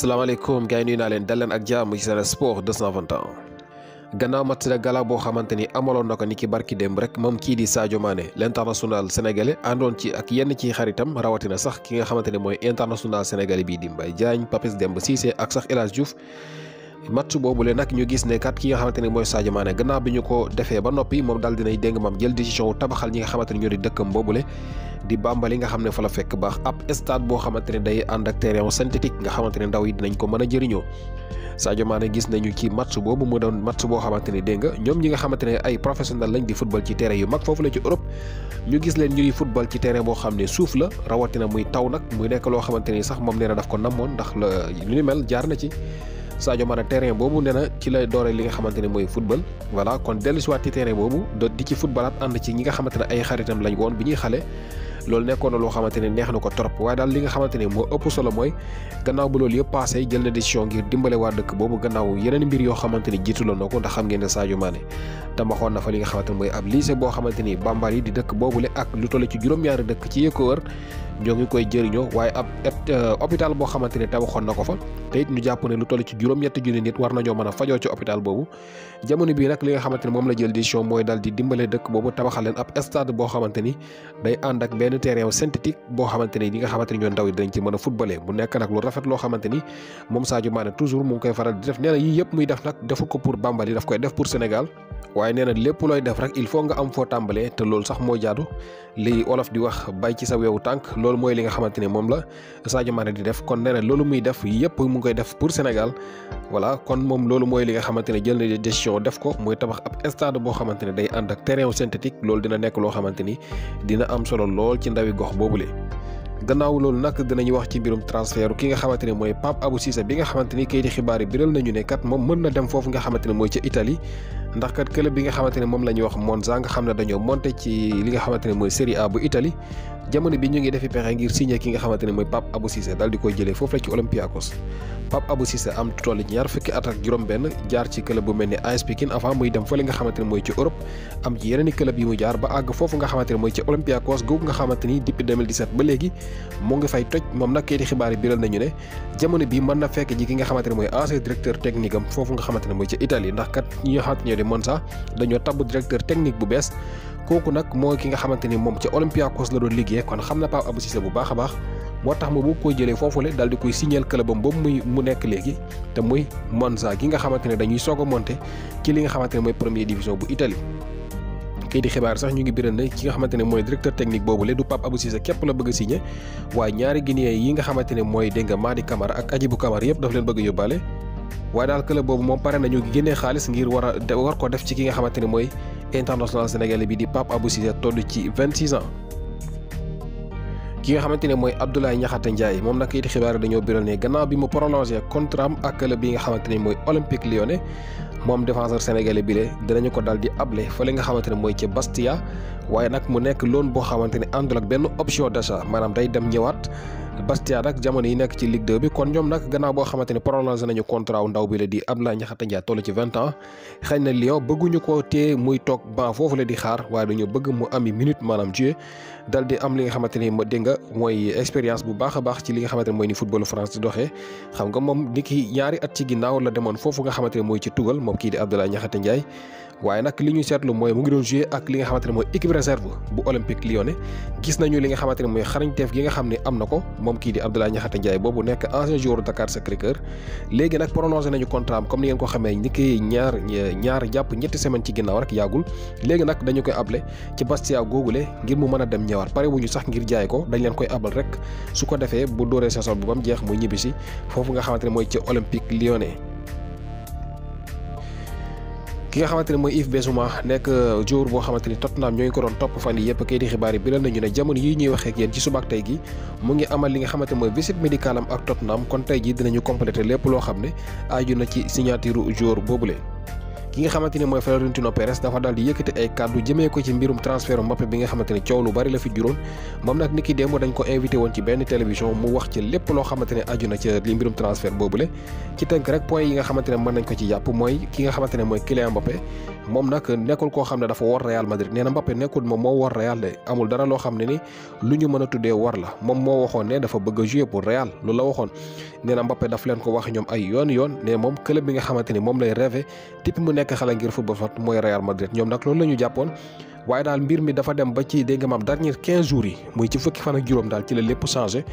salaamaaleykum gars yi naa leen dal leen ak jàmm ci Sen Sports 221 gannaaw match de gala boo xamante ni amaloon na ko ni ki barki démb rek moom kii di Sadio Mané l'international sénégalais àndoon ci ak yenn ci xaritam rawatina sax ki nga xamante ne mooy international sénégalais bii di Mbaye Diagne Papis Demba Cissé ak sax El Hadji Diouf match boobule nag ñu gis ne kat ki nga xamante ne mooy Sadio Mané gannaaw bi ñu ko defee ba noppi moom daal dinay dégg maam jël décision tabaxal ñi nga xamante ne ñoo di dëkkam boobule di bàmbali nga xam ne fa la fekk baax ab stade boo xamante ne day ànd ak terrain synthétique nga xamante ne ndaw yi dinañ ko mën a jëriñoo Sadio Mané gis nañu ci match boobu mu doon match boo xamante ne dégg nga ñoom ñi nga xamante ne ay professionnel lañ di football ci terrain yu mag foofu la ci Europe ñu gis leen ñuy football ci terrain boo xam ne suuf la rawatina muy taw nag muy nekk loo xamante ni sax moom nee na daf ko namoon ndax lu ni mel jaar na ci Sadio Mané terrain boobu nee na ci la doore li nga xamante ne mooy football voilà kon dellusiwaat ci terrain boobu do di ci footballaat ànd ci ñi nga xamante ne ay xaritam lañ woon bi ñuy xale loolu nekkoon na loo xamante ne neex na ko trop waaye daal li nga xamante ne moo ëpp solo mooy gannaaw ba loolu yëpp passé jël na décision ngir dimbale waa dëkk boobu gannaaw yeneen mbir yoo xamante ne jiitaloon na ko ndax xam ngeen ne Sadio Mané tam waxoon na fa li nga xamante mooy ab lycée boo xamante ni bambal yi di dëkk boobule ak lu toll ci juróom-ñaari dëkk ci yëkko wër ñoo ngi koy jëriñoo waaye ab euh, hôpital boo xamante ne tabaxoon na ko fa te it ñu jàpp ne lu toll ci juróom-ñetti junni nit war nañoo mën a fajoo ci hôpital boobu jamono bii nag li nga xamante ne moom la jël décision mooy dal di dimbale dëkk boobu tabaxal leen ab stade boo xamante ni day ànd ak benn terrain synthétique boo xamante ni ñi nga xamante ni ñoo ndaw yi dinañ ci mën a nekk nag rafet loo xamante ni moom Sadio Mané toujours mu koy faral di na yëpp muy def nag defu ko pour Bambali daf koy def pour Sénégal waaye nee na lépp looy def rek il faut nga am foo tàmbalee te loolu sax moo jaadu li olof di wax bay ci sa weewu tànk loolu mooy li nga xamante ne moom la Sadio Mané di def kon nee loolu muy def yëpp mu ngi koy def pour Sénégal voilà kon moom loolu mooy li nga xamante ne jël na décision def ko muy tabax ab stade boo xamante ne day ànd ak terrain synthétique loolu dina nekk loo xamante ni dina am solo lool ci ndawi gox boobu boobule. gannaaw loolu nag dinañu wax ci mbirum transfert ki nga xamante ne mooy Pape Abou Cissé bi nga xamante ni kayiti xibaar yi biral nañu ne kat moom mën na dem foofu nga xamante ne mooy ca Italie ndax kat club bi nga xamante mom lañuy wax Monza nga xam ne dañoo monté ci li nga xamante moy Serie A bu Italy jamono bi ñu ngi defi pexe ngir signé ki nga xamante moy Pape Abou Cissé dal di koy jëlé fofu la ci Olympiakos Pape Abou Cissé am toll ci ñaar fukki at ak juróom-benn jaar ci club bu melni AS Pekin avant muy dem fële nga xamante moy ci Europe am ci yeneeni club yi mu jaar ba ag fofu nga xamante moy ci Olympiakos gog nga xamante ni depuis 2017 ba légui mo ngi fay toj mom nak kéti xibaar bi biral nañu né jamono bi mëna fekk ji ki nga xamante moy ancien directeur technique am fofu nga xamante moy ci Italy ndax kat ñi xat xamante Monza dañoo tabu directeur technique bu bes koku nak moy ki nga xamanteni mom ci Olympiacos la doon liggéey kon xamna pa Abou Cissé bu baax a baax moo tax mu bëgg koy jëlee foofule di koy signal clubam boobu muy mu nek légui te muy Monza gi nga xamanteni dañuy soog monté ci li nga xamanteni moy première division bu Italie kay di xibar sax ñu ngi biral ne ki nga xamante moy directeur technique boobule du Pape Abou Cissé képp la bëgg signé waaye ñaari Guinéen yi nga xamante moy mooy Madi Camara ak adibou Camara yépp daf leen bëgg yobalé waaye daal club boobu moom pare nañu génnee xaalis ngir war a war ko def ci ki nga xamante ne mooy international sénégalais bi di Pape Abou Cissé toll ci 26 ans. ki nga xamante ne mooy Abdoulaye Niakhate Ndiaye moom nag it xibaar dañoo biral ne gannaaw bi mu prolongé contrat am ak club bi nga xamante ne mooy Olympique Lyonnais moom défenseur sénégalais bi le dinañu ko daal di able fële nga xamante ne mooy ca Bastia waaye nag mu nekk loon boo xamante ne àndul ak benn option d'achat maanaam day dem ñëwaat. Bastia nag jamono yi nekk ci Ligue 2 bi kon ñoom nag gannaaw boo xamante ni prolongé nañu contrat wu ndaw bi la di Abdoulaye Niakhate Ndiaye toll ci vingt ans xëy na Lyon ko téye muy toog ban foofu la di xaar waaye dañu bëgg mu ami minute maanaam joué dal di am li nga xamante ni ma dégg nga mooy expérience bu baax a baax ci li nga xamante mooy ni football France di doxee xam nga moom ni ki ñaari at ci ginnaaw la demoon foofu nga xamante ni mooy ci tugal moom kii di Abdoulaye Niakhate Ndiaye waaye nag li ñu seetlu mooy mu ngi doon joué ak li nga xamante ne mooy équipe réserve bu Olympique Lyonnais gis nañu li nga xamante ne mooy xarañteef gi nga xam ne am na ko moom kii di Abdoulaye Niakhate Ndiaye boobu nekk ancien joueur Dakar Sacré-Cœur léegi nag prolongé nañu contrat am comme ni ngeen ko xamee ni ki ñaar ñaar jàpp ñetti semaine ci ginnaaw rek yàggul léegi nag dañu koy able ci Bastia googule ngir mu mën a dem ñëwaat pare wuñu sax ngir jaay ko dañ leen koy abal rek su ko defee bu dóoree saison bi ba mu jeex muy ñibbisi foofu nga xamante ne mooy ci Olympique Lyonnais ki nga xamante ne mooy Yves Bissouma nekk euh, joueur boo xamante ni Tottenham ñoo ngi ko doon topp fan yi yëpp kay di xibaar yi biral nañu ne jamono yi ñuy waxee ak yéen ci subaak tey gi mu ngi amal li nga xamante mooy visite médicale am ak Tottenham kon tey ji dinañu complété lépp loo xam ne aju na ci signature joueur boobule ki nga xamante ne mooy Florentino Perez dafa daal di yëkkati ay kàddu jëmee ko ci mbirum transfert Mbappé bi nga xamante ni coow lu bari la fi juróon moom nag niki démb dañ ko invité woon ci benn télévision mu wax ci lépp loo xamante ne aju na ci li mbirum transfert boobule ci tënk rek point yi nga xamante ne mën nañ ko ci yàpp mooy ki nga xamante ne mooy Kylian Mbappé moom nag nekkul koo xam ne dafa war Real Madrid nee na Mbappé nekkul moom moo war Real de amul dara loo xam ne ni lu ñu mën a tuddee war la moom moo waxoon ne dafa bëgg a jouer pour Real la waxoon nee na daf leen ko wax ñoom ay yoon yoon ne moom club bi nga xamante ni moom lay rêvé depuis mu nekk xale ngir football fat mooy Real Madrid ñoom nag loolu la ñu jàppoon waaye daal mbir mi dafa dem ba ci dégg nga maam dernier 15 yi muy ci fukki fan ak juróom daal ci la lépp changé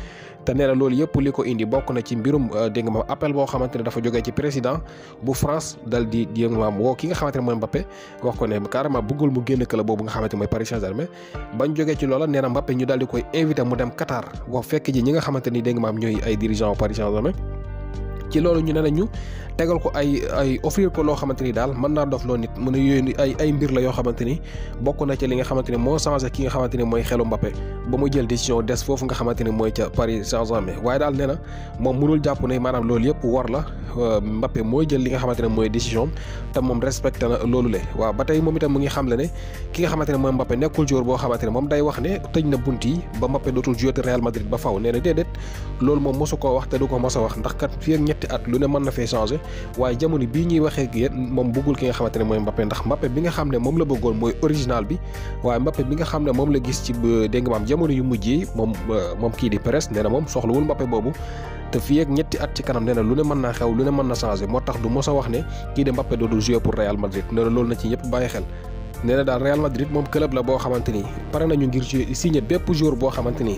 te nee loolu yëpp li ko indi bokk na ci mbirum euh, dégg nga maam appel boo xamante ne dafa jogee ci président bu France dal di dégg nga maam nga xamante ne mooy Mbappé wax ko ne carrément bëggul mu génn club boobu nga xamante mooy Paris Saint-Germain bañ jógee ci nee na Mbappé ñu daal di koy invité mu dem Qatar wax fekk ji ñi nga xamante ni dégg nga maam ñooy ay dirigeant Paris Saint-Germain ci loolu ñu ne nañu tegal ko ay ay offrir ko loo xamante ni daal mën naa dof loo nit mu ne yooyu ay mbir la yoo xamante ni bokk na ci li nga xamante ni moo changé ki nga xamante ni mooy xelu Mbappé ba mu jël décision des foofu nga xamante ni mooy ca Paris saint waaye daal nee na moom mënul jàpp ne maanaam loolu yëpp wor la Euh, Mbappé mooy jël li nga xamante ne mooy décision te moom respecté na loolu le waaw ba tey moom itam mu ngi xam le ne ki nga xamante ne mooy Mbappé nekkul joor boo xamante ne moom day wax ne tëj na bunt yi ba Mbappé dootul jouer Real Madrid ba faw nee na déedéet loolu moom mosu koo wax te du ko mos a wax ndax kat fii ñetti at lu ne mën na fee changé waaye jamono bii ñuy waxee ak moom bëggul ki nga xamante ne mooy Mbappé ndax Mbappé bi nga xam ne moom la bëggoon mooy original bi waaye Mbappé bi nga xam ne moom la gis ci euh, dégg nga maam jamono yu mujj yi moom euh, moom kii di presse nee na moom soxlawul Mbappé boobu te fi ak ñetti at ci kanam neena lu ne mën xew lu ne mën changer motax du wax ne kii de Mbappé do jouer pour Real Madrid neena lool na ci ñëpp baye xel neena dal Real Madrid mom club la bo xamanteni paré pare nañu ngir signé bép jour bo xamanteni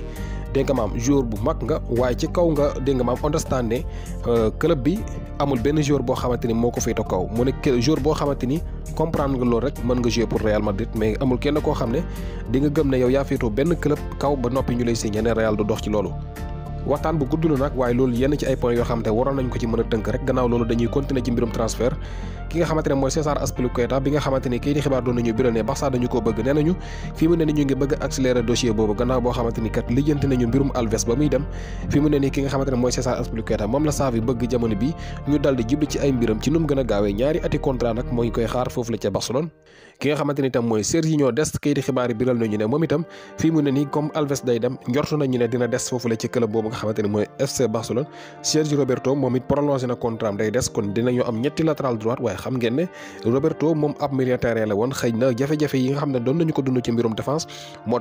deng maam joueur bu mag nga way ci kaw nga deng maam understand né euh, club bi amul ben joueur bo xamanteni moko fay to kaw mo ne joueur boo xamante ni comprendre nga lool rek nga jouer pour Real Madrid mais amul kenn ko xamné di nga gëm né yow yaa féetoo ben club kaw ba nopi ñu lay signé né Real du dox ci loolu waxtaan bu gudd la nag waaye loolu yenn ci ay points yoo xamante waroon nañ ko ci mën a tënk rek gannaaw loolu dañuy continuer ci mbirum transfert ki nga xamante ne mooy César Azpilicueta bi nga xamante ni a gannaaw boo xamante ni kat lijjanti nañu mbirum Alves ba muy dem fi mu ne ni ki nga xamante ne mooy César Azpilicueta moom la Xavi bëgg jamono bi ñu daldi jubli ci ay mbiram ci nu mu a gaawee ñaari ati contrat nag moo ngi koy xaar foofu la ca Barcelone ki nga xamante ni tam mooy Serginho Dest kayiti xibaar yi biral nañu ne moom itam fii mu ne nii comme Alves day dem njortu nañu ne dina des foofule ci club boobu nga xamante ni mooy FC Barcelone Sergi Roberto moom it prolongé na contrat am day des kon dinañu am ñetti ne Roberto na jafe-jafe yi nga xam ne doon nañu moo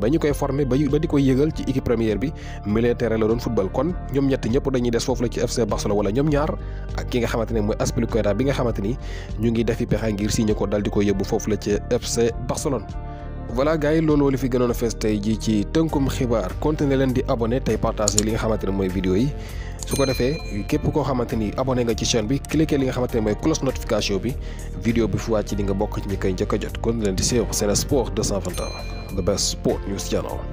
taxoon ba ñu koy formé ba di koy yëgal ci équipe première bi milieu la doon football kon ñoom ñett ñëpp dañuy des foofu la ci FC FC Barcelone wala ñoom ñaar ak ki nga xamante ne mooy Aspilicueta bi nga xamante ni ñu ngi defi pexe ngir signé ko dal di ko yóbbu foofu la ci FC Barcelone. voilà gars li fi gënoon a fees tey jii ci tënkum xibaar continuer leen di abonné tey partager li nga xamante ne mooy vidéo yi su ko defee képp koo xamante ni abonné nga ci chaîne bi cliquer li nga xamante ne mooy cloche notification bi vidéo bi fu wàcc di nga bokk ñi koy njëkk jot continuer leen di suivre Sen Sports